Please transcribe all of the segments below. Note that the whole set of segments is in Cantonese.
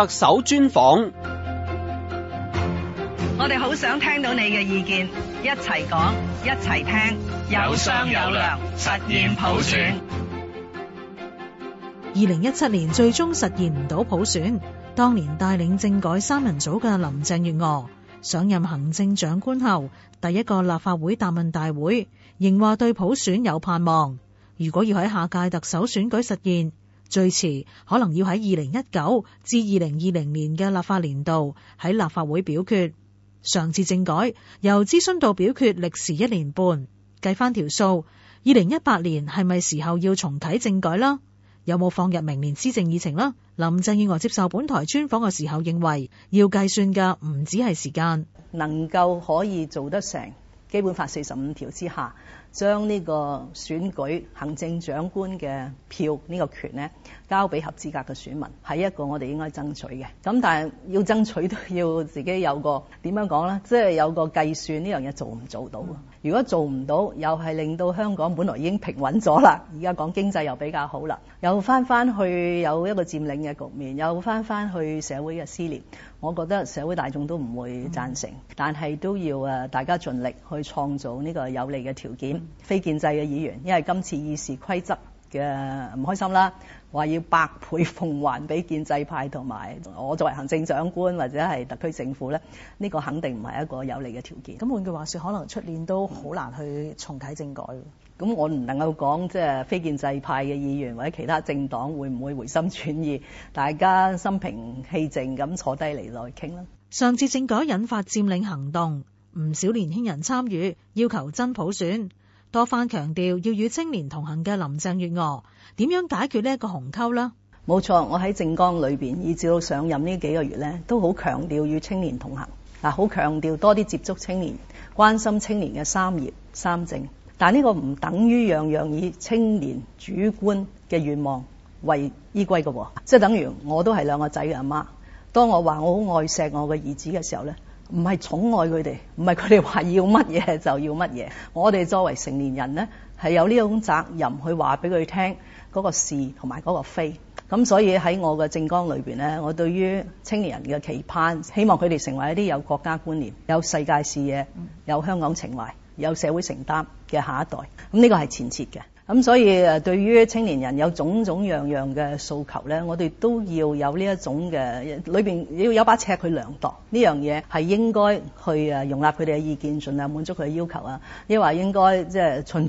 特首專訪，我哋好想聽到你嘅意見，一齊講，一齊聽，有商有量，實現普選。二零一七年最終實現唔到普選，當年帶領政改三人組嘅林鄭月娥上任行政長官後，第一個立法會答問大會，仍話對普選有盼望。如果要喺下屆特首選舉實現。最遲可能要喺二零一九至二零二零年嘅立法年度喺立法會表決。上次政改由諮詢到表決歷時一年半，計翻條數，二零一八年係咪時候要重啟政改啦？有冇放入明年施政議程啦？林鄭月娥接受本台專訪嘅時候認為，要計算嘅唔止係時間，能夠可以做得成基本法四十五條之下。將呢個選舉行政長官嘅票呢個權呢，交俾合資格嘅選民，係一個我哋應該爭取嘅。咁但係要爭取都要自己有個點樣講呢，即係、就是、有個計算呢樣嘢做唔做到。如果做唔到，又係令到香港本來已經平穩咗啦，而家講經濟又比較好啦，又翻翻去有一個佔領嘅局面，又翻翻去社會嘅撕裂，我覺得社會大眾都唔會贊成。但係都要誒大家盡力去創造呢個有利嘅條件。非建制嘅議員，因為今次議事規則嘅唔開心啦，話要百倍奉還俾建制派同埋我作為行政長官或者係特區政府咧，呢個肯定唔係一個有利嘅條件。咁換句話說，可能出年都好難去重啟政改。咁、嗯、我唔能夠講，即係非建制派嘅議員或者其他政黨會唔會回心轉意，大家心平氣靜咁坐低嚟內傾啦。上次政改引發佔領行動，唔少年輕人參與要求真普選。多番強調要與青年同行嘅林鄭月娥，點樣解決呢個鴻溝啦？冇錯，我喺政綱裏面，以至到上任呢幾個月咧，都好強調與青年同行，嗱，好強調多啲接觸青年、關心青年嘅三業三政。但呢個唔等於樣樣以青年主觀嘅願望為依歸嘅喎，即係等於我都係兩個仔嘅阿媽，當我話我好愛錫我嘅兒子嘅時候咧。唔係寵愛佢哋，唔係佢哋話要乜嘢就要乜嘢。我哋作為成年人呢，係有呢種責任去話俾佢聽嗰個是同埋嗰個非。咁所以喺我嘅政綱裏面呢，我對於青年人嘅期盼，希望佢哋成為一啲有國家觀念、有世界視野、有香港情懷、有社會承擔嘅下一代。咁呢個係前設嘅。咁所以誒，對於青年人有種種樣樣嘅訴求咧，我哋都要有呢一種嘅，裏邊要有把尺去量度呢樣嘢，係應該去誒容納佢哋嘅意見，盡量滿足佢嘅要求啊，抑或應該即係循循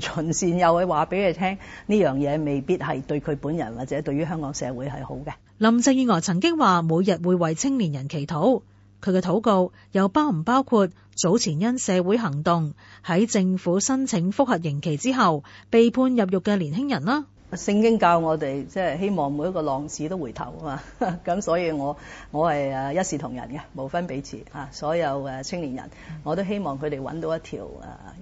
善誘，嘅話俾佢聽，呢樣嘢未必係對佢本人或者對於香港社會係好嘅。林鄭月娥曾經話，每日會為青年人祈禱。佢嘅禱告又包唔包括早前因社會行動，喺政府申請覆核刑期之後被判入獄嘅年輕人啦？聖經教我哋即係希望每一個浪子都回頭嘛啊！咁所以我我係一視同仁嘅，無分彼此啊！所有誒青年人，我都希望佢哋揾到一條誒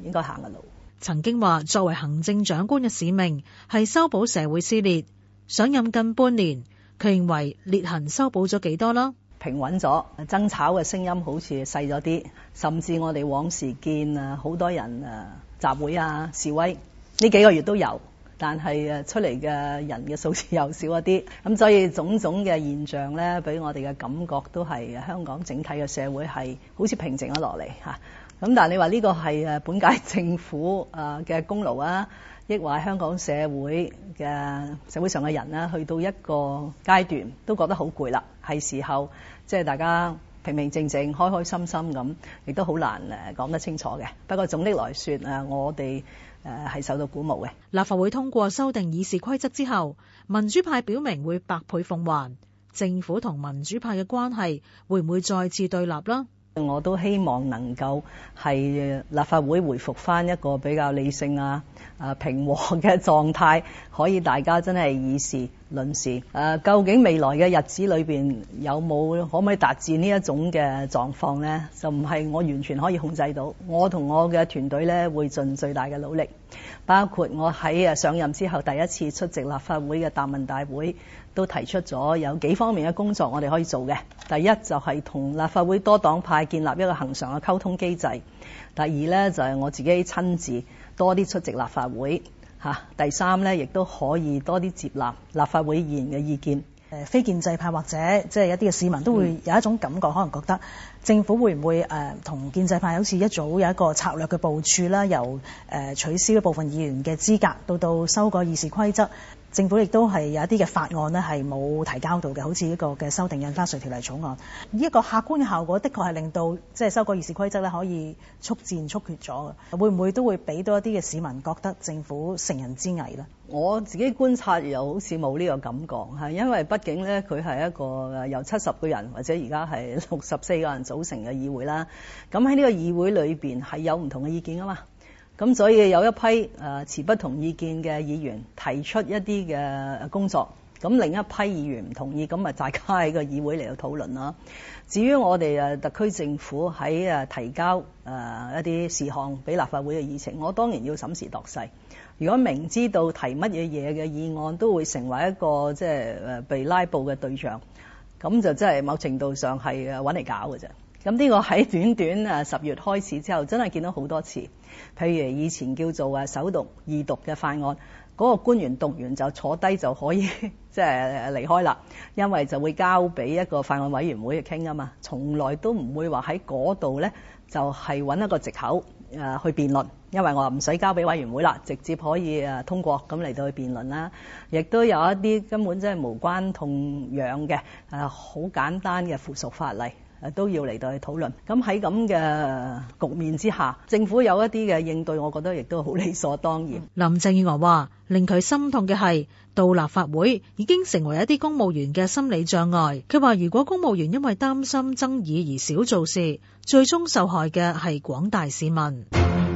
應該行嘅路。曾經話作為行政長官嘅使命係修補社會撕裂，上任近半年，佢認為裂痕修補咗幾多啦？平穩咗，爭吵嘅聲音好似細咗啲，甚至我哋往時見啊，好多人啊集會啊示威，呢幾個月都有，但係誒出嚟嘅人嘅數字又少一啲，咁所以種種嘅現象呢，俾我哋嘅感覺都係香港整體嘅社會係好似平靜咗落嚟吓，咁但係你話呢個係本屆政府嘅功勞啊，抑或香港社會嘅社會上嘅人啦，去到一個階段都覺得好攰啦。係時候，即係大家平平靜靜、開開心心咁，亦都好難誒講得清楚嘅。不過總的來說，我哋誒係受到鼓舞嘅。立法會通過修訂議事規則之後，民主派表明會百倍奉還，政府同民主派嘅關係會唔會再次對立啦？我都希望能夠係立法會回復返一個比較理性啊平和嘅狀態，可以大家真係議事論事、啊，究竟未來嘅日子裏面有冇可唔可以達至呢一種嘅狀況呢？就唔係我完全可以控制到。我同我嘅團隊咧會盡最大嘅努力，包括我喺上任之後第一次出席立法會嘅答問大會，都提出咗有幾方面嘅工作我哋可以做嘅。第一就係同立法會多黨派建立一個恒常嘅溝通機制。第二呢就係、是、我自己親自多啲出席立法會。吓，第三咧，亦都可以多啲接納立法會議員嘅意見。誒、呃，非建制派或者即係一啲嘅市民都會有一種感覺，嗯、可能覺得政府會唔會誒同、呃、建制派好似一早有一個策略嘅部署啦，由誒、呃、取消一部分議員嘅資格，到到修改議事規則。政府亦都係有一啲嘅法案咧，係冇提交到嘅，好似一個嘅修訂印花稅條例草案。呢一個客觀嘅效果，的確係令到即係修改議事規則咧，可以速戰速決咗嘅。會唔會都會俾到一啲嘅市民覺得政府成人之危呢？我自己觀察又好似冇呢個感覺嚇，因為畢竟呢，佢係一個由七十個人或者而家係六十四個人組成嘅議會啦。咁喺呢個議會裏面，係有唔同嘅意見啊嘛。咁所以有一批誒持不同意見嘅議員提出一啲嘅工作，咁另一批議員唔同意，咁咪大家喺個議會嚟到討論啦、啊。至於我哋誒特區政府喺誒提交誒一啲事項俾立法會嘅議程，我當然要審時度勢。如果明知道提乜嘢嘢嘅議案都會成為一個即係誒被拉布嘅對象，咁就真係某程度上係誒揾嚟搞嘅啫。咁呢個喺短短啊，十月開始之後，真係見到好多次。譬如以前叫做誒首讀、二讀嘅法案，嗰個官員讀完就坐低就可以即係離開啦，因為就會交俾一個法案委員會去傾啊嘛。從來都唔會話喺嗰度呢，就係揾一個藉口去辯論，因為我唔使交俾委員會啦，直接可以通過咁嚟到去辯論啦。亦都有一啲根本真係無關痛癢嘅好簡單嘅附屬法例。誒都要嚟到去討論，咁喺咁嘅局面之下，政府有一啲嘅應對，我覺得亦都好理所當然。林鄭月娥話，令佢心痛嘅係，到立法會已經成為一啲公務員嘅心理障礙。佢話，如果公務員因為擔心爭議而少做事，最終受害嘅係廣大市民。